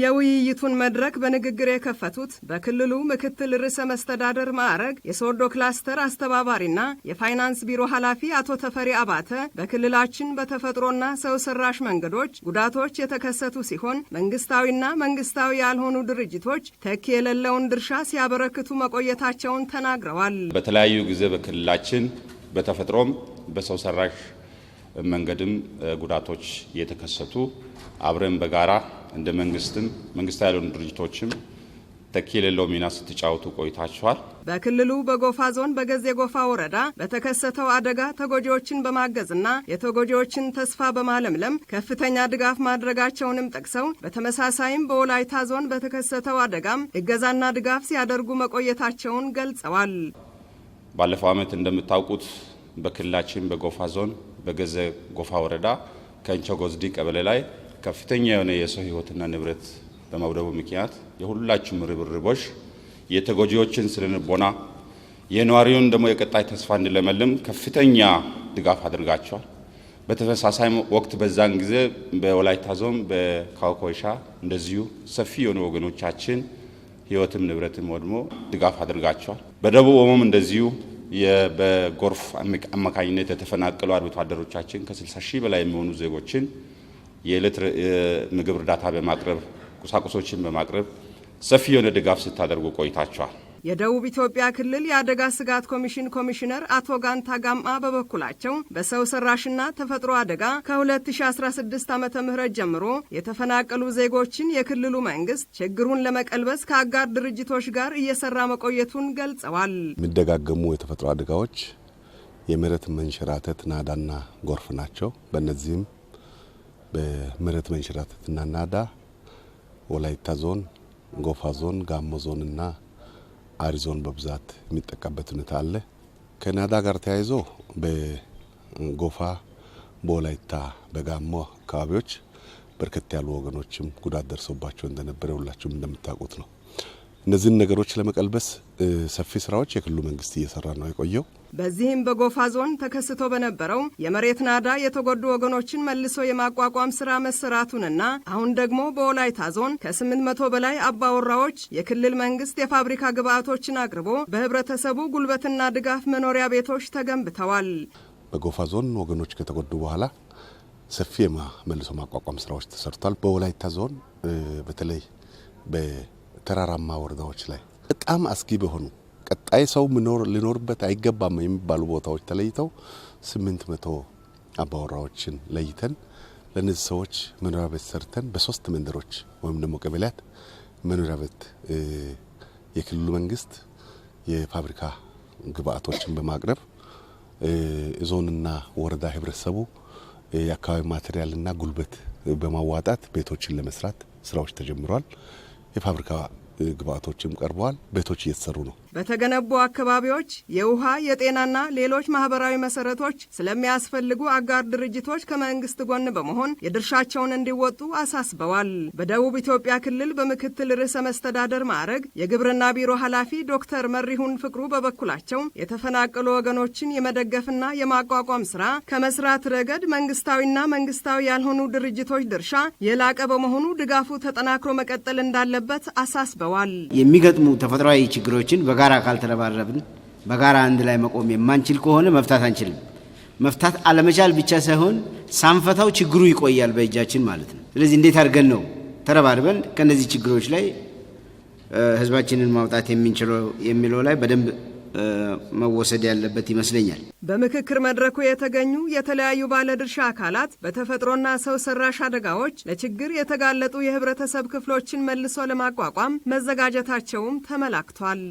የውይይቱን መድረክ በንግግር የከፈቱት በክልሉ ምክትል ርዕሰ መስተዳደር ማዕረግ የሶወርዶ ክላስተር አስተባባሪና የፋይናንስ ቢሮ ኃላፊ አቶ ተፈሪ አባተ በክልላችን በተፈጥሮና ሰው ሰራሽ መንገዶች ጉዳቶች የተከሰቱ ሲሆን መንግስታዊና መንግስታዊ ያልሆኑ ድርጅቶች ተኪ የሌለውን ድርሻ ሲያበረክቱ መቆየታቸውን ተናግረዋል። በተለያዩ ጊዜ በክልላችን በተፈጥሮም በሰው ሰራሽ መንገድም ጉዳቶች እየተከሰቱ አብረን በጋራ እንደ መንግስትም መንግስታዊ ያልሆኑ ድርጅቶችም ተኪ የሌለው ሚና ስትጫወቱ ቆይታችኋል። በክልሉ በጎፋ ዞን በገዜ ጎፋ ወረዳ በተከሰተው አደጋ ተጎጂዎችን በማገዝና የተጎጂዎችን ተስፋ በማለምለም ከፍተኛ ድጋፍ ማድረጋቸውንም ጠቅሰው በተመሳሳይም በወላይታ ዞን በተከሰተው አደጋም እገዛና ድጋፍ ሲያደርጉ መቆየታቸውን ገልጸዋል። ባለፈው ዓመት እንደምታውቁት በክልላችን በጎፋ ዞን በገዘ ጎፋ ወረዳ ከእንቸ ጎዝዲ ቀበሌ ላይ ከፍተኛ የሆነ የሰው ህይወትና ንብረት በመውደቡ ምክንያት የሁላችሁም ርብርቦች የተጎጂዎችን ስነልቦና የነዋሪውን ደግሞ የቀጣይ ተስፋ እንዲለመልም ከፍተኛ ድጋፍ አድርጋቸዋል። በተመሳሳይ ወቅት በዛን ጊዜ በወላይታ ዞን በካውኮይሻ እንደዚሁ ሰፊ የሆኑ ወገኖቻችን ህይወትም ንብረትም ወድሞ ድጋፍ አድርጋቸዋል። በደቡብ ኦሞም እንደዚሁ በጎርፍ አማካኝነት የተፈናቀሉ አርብቶ አደሮቻችን ከ60 ሺህ በላይ የሚሆኑ ዜጎችን የዕለት ምግብ እርዳታ በማቅረብ ቁሳቁሶችን በማቅረብ ሰፊ የሆነ ድጋፍ ስታደርጉ ቆይታቸዋል። የደቡብ ኢትዮጵያ ክልል የአደጋ ስጋት ኮሚሽን ኮሚሽነር አቶ ጋንታ ጋማ በበኩላቸው በሰው ሰራሽና ተፈጥሮ አደጋ ከ2016 ዓ ም ጀምሮ የተፈናቀሉ ዜጎችን የክልሉ መንግስት ችግሩን ለመቀልበስ ከአጋር ድርጅቶች ጋር እየሰራ መቆየቱን ገልጸዋል። የሚደጋገሙ የተፈጥሮ አደጋዎች የመሬት መንሸራተት፣ ናዳና ጎርፍ ናቸው። በእነዚህም በመሬት መንሸራተትና ናዳ ወላይታ ዞን፣ ጎፋ ዞን፣ ጋሞ ዞንና አሪዞን በብዛት የሚጠቀምበት ሁኔታ አለ። ከናዳ ጋር ተያይዞ በጎፋ በወላይታ በጋሞ አካባቢዎች በርከት ያሉ ወገኖችም ጉዳት ደርሶባቸው እንደነበረ ሁላችሁም እንደምታውቁት ነው። እነዚህን ነገሮች ለመቀልበስ ሰፊ ስራዎች የክልሉ መንግስት እየሰራ ነው የቆየው። በዚህም በጎፋ ዞን ተከስቶ በነበረው የመሬት ናዳ የተጎዱ ወገኖችን መልሶ የማቋቋም ስራ መሰራቱንና አሁን ደግሞ በወላይታ ዞን ከ800 በላይ አባወራዎች የክልል መንግስት የፋብሪካ ግብዓቶችን አቅርቦ በህብረተሰቡ ጉልበትና ድጋፍ መኖሪያ ቤቶች ተገንብተዋል። በጎፋ ዞን ወገኖች ከተጎዱ በኋላ ሰፊ መልሶ ማቋቋም ስራዎች ተሰርቷል። በወላይታ ዞን በተለይ ተራራማ ወረዳዎች ላይ በጣም አስጊ በሆኑ ቀጣይ ሰው ሊኖርበት አይገባም የሚባሉ ቦታዎች ተለይተው ስምንት መቶ አባወራዎችን ለይተን ለነዚህ ሰዎች መኖሪያ ቤት ሰርተን በሶስት መንደሮች ወይም ደግሞ ቀበሌያት መኖሪያ ቤት የክልሉ መንግስት የፋብሪካ ግብአቶችን በማቅረብ ዞንና ወረዳ ህብረተሰቡ የአካባቢ ማቴሪያልና ጉልበት በማዋጣት ቤቶችን ለመስራት ስራዎች ተጀምሯል። የፋብሪካ ግብአቶችም ቀርበዋል። ቤቶች እየተሰሩ ነው። በተገነቡ አካባቢዎች የውሃ የጤናና ሌሎች ማህበራዊ መሰረቶች ስለሚያስፈልጉ አጋር ድርጅቶች ከመንግስት ጎን በመሆን የድርሻቸውን እንዲወጡ አሳስበዋል። በደቡብ ኢትዮጵያ ክልል በምክትል ርዕሰ መስተዳደር ማዕረግ የግብርና ቢሮ ኃላፊ ዶክተር መሪሁን ፍቅሩ በበኩላቸው የተፈናቀሉ ወገኖችን የመደገፍና የማቋቋም ስራ ከመስራት ረገድ መንግስታዊና መንግስታዊ ያልሆኑ ድርጅቶች ድርሻ የላቀ በመሆኑ ድጋፉ ተጠናክሮ መቀጠል እንዳለበት አሳስበዋል። የሚገጥሙ ተፈጥሯዊ ችግሮችን በጋ በጋራ ካልተረባረብን በጋራ አንድ ላይ መቆም የማንችል ከሆነ መፍታት አንችልም። መፍታት አለመቻል ብቻ ሳይሆን ሳንፈታው ችግሩ ይቆያል በእጃችን ማለት ነው። ስለዚህ እንዴት አድርገን ነው ተረባርበን ከእነዚህ ችግሮች ላይ ህዝባችንን ማውጣት የምንችለው የሚለው ላይ በደንብ መወሰድ ያለበት ይመስለኛል። በምክክር መድረኩ የተገኙ የተለያዩ ባለድርሻ አካላት በተፈጥሮና ሰው ሰራሽ አደጋዎች ለችግር የተጋለጡ የህብረተሰብ ክፍሎችን መልሶ ለማቋቋም መዘጋጀታቸውም ተመላክቷል።